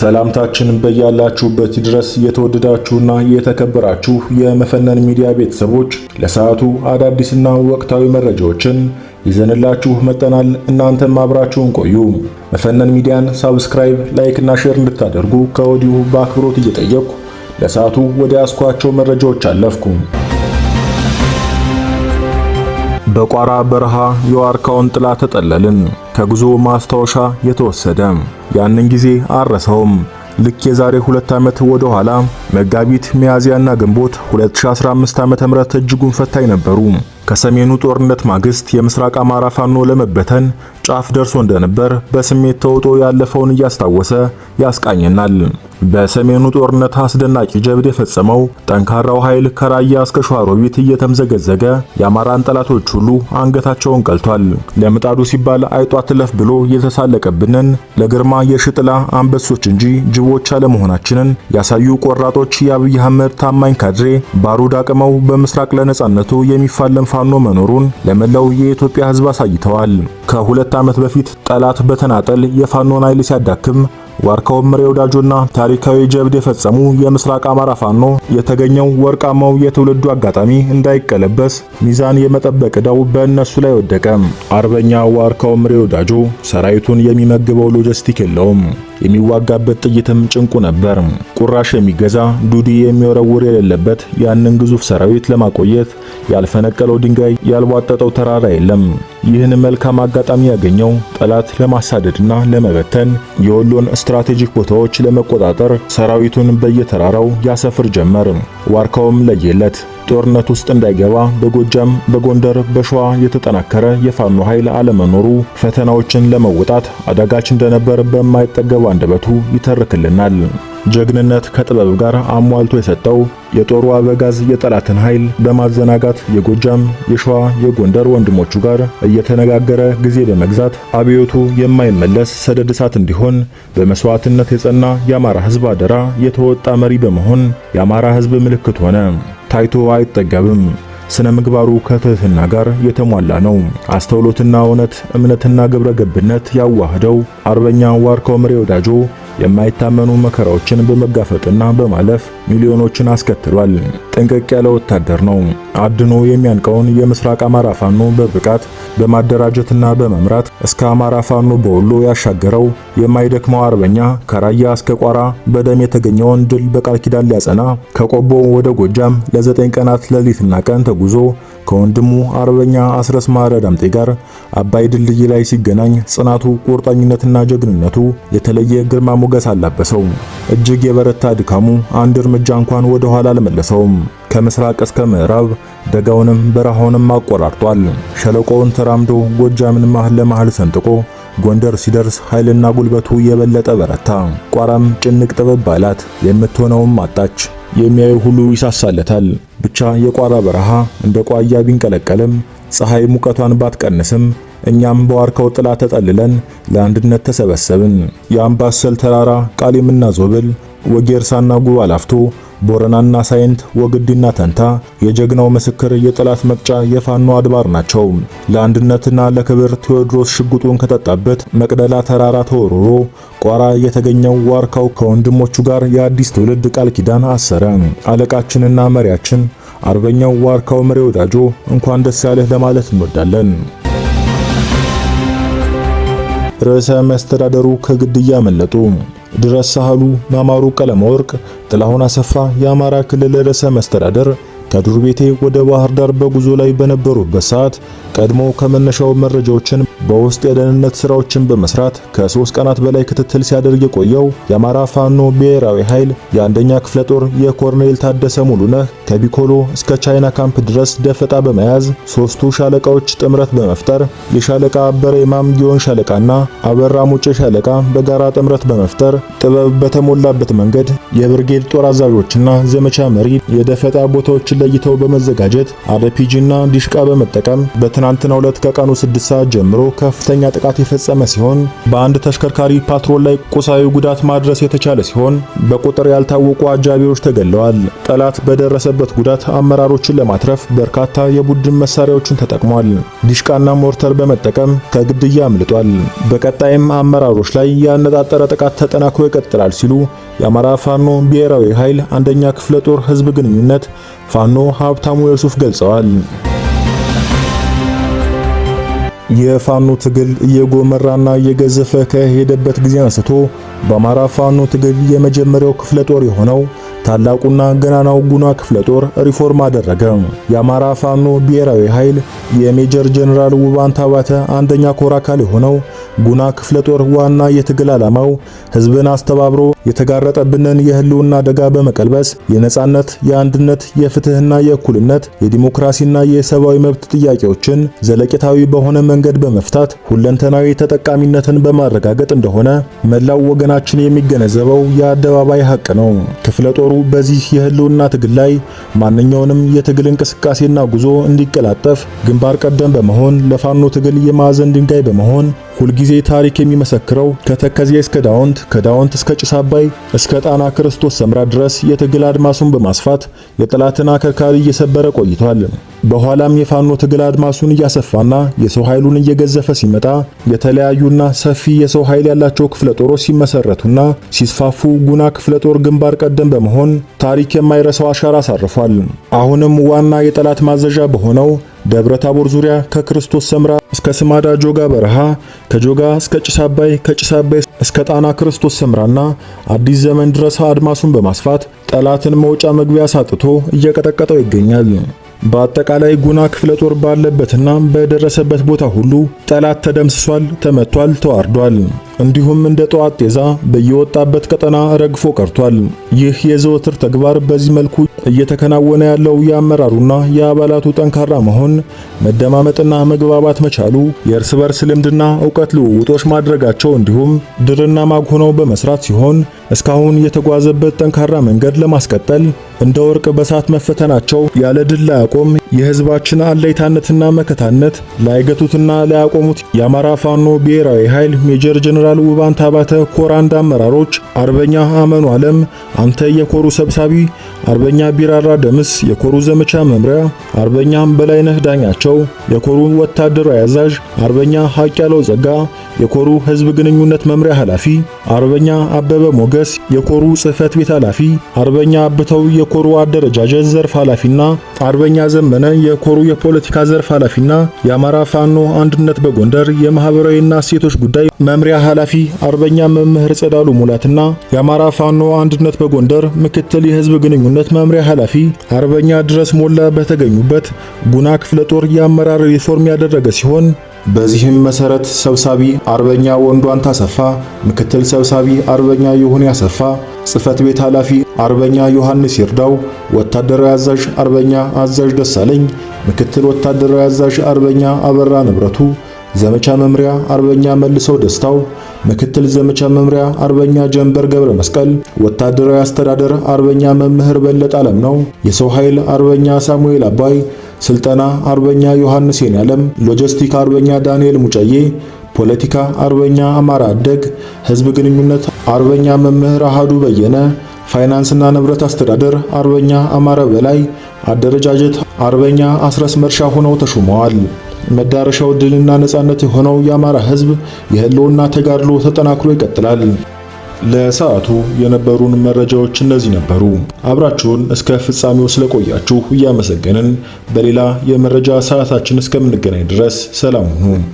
ሰላምታችን በያላችሁበት ድረስ የተወደዳችሁና የተከበራችሁ የመፈነን ሚዲያ ቤተሰቦች ለሰዓቱ አዳዲስና ወቅታዊ መረጃዎችን ይዘንላችሁ መጠናል። እናንተም አብራችሁን ቆዩ። መፈነን ሚዲያን ሳብስክራይብ፣ ላይክ እና ሼር እንድታደርጉ ከወዲሁ በአክብሮት እየጠየቅኩ ለሰዓቱ ወደ ያስኳቸው መረጃዎች አለፍኩ። በቋራ በረሃ የዋርካውን ጥላ ተጠለልን። ከጉዞ ማስታወሻ የተወሰደ ያንን ጊዜ አረሰውም። ልክ የዛሬ ሁለት ዓመት ወደ ኋላ መጋቢት፣ ሚያዝያና ግንቦት 2015 ዓመተ ምህረት እጅጉን ፈታኝ ነበሩ። ከሰሜኑ ጦርነት ማግስት የምስራቅ አማራ ፋኖ ለመበተን ጫፍ ደርሶ እንደነበር በስሜት ተውጦ ያለፈውን እያስታወሰ ያስቃኝናል። በሰሜኑ ጦርነት አስደናቂ ጀብድ የፈጸመው ጠንካራው ኃይል ከራያ እስከ ሸዋሮቢት እየተምዘገዘገ የአማራን ጠላቶች ሁሉ አንገታቸውን ቀልቷል። ለምጣዱ ሲባል አይጧት ለፍ ብሎ የተሳለቀብንን ለግርማ የሽጥላ አንበሶች እንጂ ጅቦች አለመሆናችንን ያሳዩ ቆራጦች የአብይ አህመድ ታማኝ ካድሬ ባሩድ አቅመው በምስራቅ ለነጻነቱ የሚፋለም ፋኖ መኖሩን ለመላው የኢትዮጵያ ሕዝብ አሳይተዋል። ከሁለት ዓመት በፊት ጠላት በተናጠል የፋኖን ኃይል ሲያዳክም ዋርካውን ምሬ ወዳጆና ታሪካዊ ጀብድ የፈጸሙ የምስራቅ አማራ ፋኖ የተገኘው ወርቃማው የትውልዱ አጋጣሚ እንዳይቀለበስ ሚዛን የመጠበቅ ዕዳው በእነሱ ላይ ወደቀ። አርበኛ ዋርካው ምሬ ወዳጆ ሰራዊቱን የሚመግበው ሎጂስቲክ የለውም። የሚዋጋበት ጥይትም ጭንቁ ነበር። ቁራሽ የሚገዛ ዱዲ የሚወረውር የሌለበት ያንን ግዙፍ ሰራዊት ለማቆየት ያልፈነቀለው ድንጋይ ያልቧጠጠው ተራራ የለም። ይህን መልካም አጋጣሚ ያገኘው ጠላት ለማሳደድና ለመበተን የወሎን ስትራቴጂክ ቦታዎች ለመቆጣጠር ሰራዊቱን በየተራራው ያሰፍር ጀመር። ዋርካውም ለየለት ጦርነት ውስጥ እንዳይገባ በጎጃም፣ በጎንደር፣ በሸዋ የተጠናከረ የፋኖ ኃይል አለመኖሩ ፈተናዎችን ለመውጣት አዳጋች እንደነበር በማይጠገብ አንደበቱ ይተርክልናል። ጀግንነት ከጥበብ ጋር አሟልቶ የሰጠው የጦሩ አበጋዝ የጠላትን ኃይል በማዘናጋት የጎጃም፣ የሸዋ፣ የጎንደር ወንድሞቹ ጋር እየተነጋገረ ጊዜ በመግዛት አብዮቱ የማይመለስ ሰደድ እሳት እንዲሆን በመስዋዕትነት የጸና የአማራ ሕዝብ አደራ የተወጣ መሪ በመሆን የአማራ ሕዝብ ምልክት ሆነ። ታይቶ አይጠገብም። ስነ ምግባሩ ከትህትና ጋር የተሟላ ነው። አስተውሎትና እውነት፣ እምነትና ግብረ ገብነት ያዋህደው አርበኛ ዋርካው ምሬ ወዳጆ የማይታመኑ መከራዎችን በመጋፈጥና በማለፍ ሚሊዮኖችን አስከትሏል። ጥንቅቅ ያለ ወታደር ነው። አድኖ የሚያንቀውን የምስራቅ አማራ ፋኖ በብቃት በማደራጀትና በመምራት እስከ አማራ ፋኖ በወሎ ያሻገረው የማይደክመው አርበኛ ከራያ እስከ ቋራ በደም የተገኘውን ድል በቃል ኪዳን ሊያጸና ከቆቦ ወደ ጎጃም ለዘጠኝ ቀናት ሌሊትና ቀን ተጉዞ ከወንድሙ አርበኛ አስረስ ማረ ዳምጤ ጋር አባይ ድልድይ ላይ ሲገናኝ ጽናቱ፣ ቁርጠኝነትና ጀግንነቱ የተለየ ግርማ ሞገስ አላበሰው። እጅግ የበረታ ድካሙ አንድ እርምጃ እርምጃ እንኳን ወደ ኋላ አልመለሰውም። ከምስራቅ እስከ ምዕራብ ደጋውንም በረሃውንም አቆራርጧል። ሸለቆውን ተራምዶ ጎጃምን መሃል ለመሃል ሰንጥቆ ጎንደር ሲደርስ ኃይልና ጉልበቱ የበለጠ በረታ። ቋራም ጭንቅ ጥበብ አላት፣ የምትሆነውም አጣች። የሚያዩ ሁሉ ይሳሳለታል። ብቻ የቋራ በረሃ እንደ ቋያ ቢንቀለቀልም ፀሐይ ሙቀቷን ባትቀንስም እኛም በዋርከው ጥላ ተጠልለን ለአንድነት ተሰበሰብን። የአምባሰል ተራራ ቃሊምና ዞብል ወጌርሳና ጉባ ላፍቶ፣ ቦረናና ሳይንት፣ ወግዲና ተንታ የጀግናው ምስክር የጠላት መቅጫ የፋኖ አድባር ናቸው። ለአንድነትና ለክብር ቴዎድሮስ ሽጉጡን ከጠጣበት መቅደላ ተራራ ተወርሮ ቋራ የተገኘው ዋርካው ከወንድሞቹ ጋር የአዲስ ትውልድ ቃል ኪዳን አሰረ። አለቃችንና መሪያችን አርበኛው ዋርካው ምሬ ወዳጆ እንኳን ደስ ያለህ ለማለት እንወዳለን። ርዕሰ መስተዳደሩ ከግድያ መለጡ። ድረስ ሳህሉ ቀለም ቀለመወርቅ ጥላሁን አሰፋ የአማራ ክልል ርዕሰ መስተዳደር ከዱር ቤቴ ወደ ባህር ዳር በጉዞ ላይ በነበሩበት ሰዓት ቀድሞ ከመነሻው መረጃዎችን በውስጥ የደህንነት ስራዎችን በመስራት ከሶስት ቀናት በላይ ክትትል ሲያደርግ የቆየው የአማራ ፋኖ ብሔራዊ ኃይል የአንደኛ ክፍለ ጦር የኮርኔል ታደሰ ሙሉነህ ከቢኮሎ እስከ ቻይና ካምፕ ድረስ ደፈጣ በመያዝ ሶስቱ ሻለቃዎች ጥምረት በመፍጠር የሻለቃ አበረ ኢማም ጊዮን ሻለቃና አበራ ሙጬ ሻለቃ በጋራ ጥምረት በመፍጠር ጥበብ በተሞላበት መንገድ የብርጌድ ጦር አዛዦችና ዘመቻ መሪ የደፈጣ ቦታዎችን ለይተው በመዘጋጀት አርፒጂና ዲሽቃ በመጠቀም በትናንትናው ዕለት ከቀኑ 6 ሰዓት ጀምሮ ከፍተኛ ጥቃት የፈጸመ ሲሆን በአንድ ተሽከርካሪ ፓትሮል ላይ ቁሳዊ ጉዳት ማድረስ የተቻለ ሲሆን በቁጥር ያልታወቁ አጃቢዎች ተገለዋል። ጠላት በደረሰበት ጉዳት አመራሮችን ለማትረፍ በርካታ የቡድን መሳሪያዎችን ተጠቅሟል። ዲሽቃና ሞርተር በመጠቀም ከግድያ አምልጧል። በቀጣይም አመራሮች ላይ ያነጣጠረ ጥቃት ተጠናክሮ ይቀጥላል ሲሉ የአማራ ፋኖ ብሔራዊ ኃይል አንደኛ ክፍለ ጦር ህዝብ ግንኙነት ፋኖ ሀብታሙ የሱፍ ገልጸዋል። የፋኖ ትግል እየጎመራና እየገዘፈ ከሄደበት ጊዜ አንስቶ በአማራ ፋኖ ትግል የመጀመሪያው ክፍለ ጦር የሆነው ታላቁና ገናናው ጉና ክፍለ ጦር ሪፎርም አደረገ። የአማራ ፋኖ ብሔራዊ ኃይል የሜጀር ጀነራል ውባንታ ባተ አንደኛ ኮር አካል የሆነው ጉና ክፍለ ጦር ዋና የትግል ዓላማው ሕዝብን አስተባብሮ የተጋረጠብንን የህልውና አደጋ በመቀልበስ የነጻነት፣ የአንድነት፣ የፍትህና የእኩልነት የዲሞክራሲና የሰብአዊ መብት ጥያቄዎችን ዘለቄታዊ በሆነ መንገድ በመፍታት ሁለንተናዊ ተጠቃሚነትን በማረጋገጥ እንደሆነ መላው ወገናችን የሚገነዘበው የአደባባይ ሀቅ ነው። ክፍለ ጦሩ በዚህ የህልውና ትግል ላይ ማንኛውንም የትግል እንቅስቃሴና ጉዞ እንዲቀላጠፍ ግንባር ቀደም በመሆን ለፋኖ ትግል የማዕዘን ድንጋይ በመሆን ሁልጊዜ ታሪክ የሚመሰክረው ከተከዜ እስከ ዳውንት፣ ከዳውንት እስከ ጭስ አባይ፣ እስከ ጣና ክርስቶስ ሰምራ ድረስ የትግል አድማሱን በማስፋት የጠላትን አከርካሪ እየሰበረ ቆይቷል። በኋላም የፋኖ ትግል አድማሱን እያሰፋና የሰው ኃይሉን እየገዘፈ ሲመጣ የተለያዩና ሰፊ የሰው ኃይል ያላቸው ክፍለ ጦሮች ሲመሰረቱና ሲስፋፉ ጉና ክፍለ ጦር ግንባር ቀደም በመሆን ታሪክ የማይረሳው አሻራ አሳርፏል። አሁንም ዋና የጠላት ማዘዣ በሆነው ደብረ ታቦር ዙሪያ ከክርስቶስ ሰምራ እስከ ስማዳ ጆጋ በረሃ፣ ከጆጋ እስከ ጭስ አባይ፣ ከጭስ አባይ እስከ ጣና ክርስቶስ ሰምራና አዲስ ዘመን ድረስ አድማሱን በማስፋት ጠላትን መውጫ መግቢያ ሳጥቶ እየቀጠቀጠው ይገኛል። በአጠቃላይ ጉና ክፍለ ጦር ባለበትና በደረሰበት ቦታ ሁሉ ጠላት ተደምስሷል፣ ተመቷል፣ ተዋርዷል። እንዲሁም እንደ ጠዋት ጤዛ በየወጣበት ቀጠና ረግፎ ቀርቷል። ይህ የዘወትር ተግባር በዚህ መልኩ እየተከናወነ ያለው የአመራሩና የአባላቱ ጠንካራ መሆን፣ መደማመጥና መግባባት መቻሉ፣ የእርስ በርስ ልምድና እውቀት ልውውጦች ማድረጋቸው እንዲሁም ድርና ማግ ሆነው በመስራት ሲሆን እስካሁን የተጓዘበት ጠንካራ መንገድ ለማስቀጠል እንደ ወርቅ በሳት መፈተናቸው ያለ ድል ላያቆም የህዝባችን አለይታነትና መከታነት ላይገቱትና ላያቆሙት የአማራ ፋኖ ብሔራዊ ኃይል ሜጀር ጀነራል ውባንታ ታባተ ኮር አንድ አመራሮች አርበኛ አመኑ ዓለም አንተ የኮሩ ሰብሳቢ፣ አርበኛ ቢራራ ደምስ የኮሩ ዘመቻ መምሪያ፣ አርበኛ በላይነህ ዳኛቸው የኮሩ ወታደራዊ አዛዥ፣ አርበኛ ሐቅ ያለው ጸጋ የኮሩ ህዝብ ግንኙነት መምሪያ ኃላፊ፣ አርበኛ አበበ ሞገስ የኮሩ ጽህፈት ቤት ኃላፊ፣ አርበኛ አብተው የኮሩ አደረጃጀት ዘርፍ ኃላፊና አርበኛ ዘመነ የኮሩ የፖለቲካ ዘርፍ ኃላፊና የአማራ ፋኖ አንድነት በጎንደር የማህበራዊና ሴቶች ጉዳይ መምሪያ ኃላፊ አርበኛ መምህር ጸዳሉ ሙላትና የአማራ ፋኖ አንድነት በጎንደር ምክትል የህዝብ ግንኙነት መምሪያ ኃላፊ አርበኛ ድረስ ሞላ በተገኙበት ጉና ክፍለ ጦር የአመራር ሪፎርም ያደረገ ሲሆን በዚህም መሰረት ሰብሳቢ አርበኛ ወንዷን ታሰፋ፣ ምክትል ሰብሳቢ አርበኛ ይሁን ያሰፋ ጽህፈት ቤት ኃላፊ አርበኛ ዮሐንስ ይርዳው፣ ወታደራዊ አዛዥ አርበኛ አዛዥ ደሳለኝ፣ ምክትል ወታደራዊ አዛዥ አርበኛ አበራ ንብረቱ፣ ዘመቻ መምሪያ አርበኛ መልሰው ደስታው፣ ምክትል ዘመቻ መምሪያ አርበኛ ጀንበር ገብረ መስቀል፣ ወታደራዊ አስተዳደር አርበኛ መምህር በለጠ ዓለም ነው፣ የሰው ኃይል አርበኛ ሳሙኤል አባይ ስልጠና አርበኛ ዮሐንስ ዓለም ሎጂስቲክ አርበኛ ዳንኤል ሙጨዬ፣ ፖለቲካ አርበኛ አማራ አደግ፣ ህዝብ ግንኙነት አርበኛ መምህር አሃዱ በየነ፣ ፋይናንስና ንብረት አስተዳደር አርበኛ አማረ በላይ፣ አደረጃጀት አርበኛ አስረስ መርሻ ሆነው ተሹመዋል። መዳረሻው ድልና ነጻነት የሆነው የአማራ ህዝብ የህልውና ተጋድሎ ተጠናክሮ ይቀጥላል። ለሰዓቱ የነበሩን መረጃዎች እነዚህ ነበሩ። አብራችሁን እስከ ፍጻሜው ስለቆያችሁ እያመሰገንን በሌላ የመረጃ ሰዓታችን እስከምንገናኝ ድረስ ሰላም ሁኑ።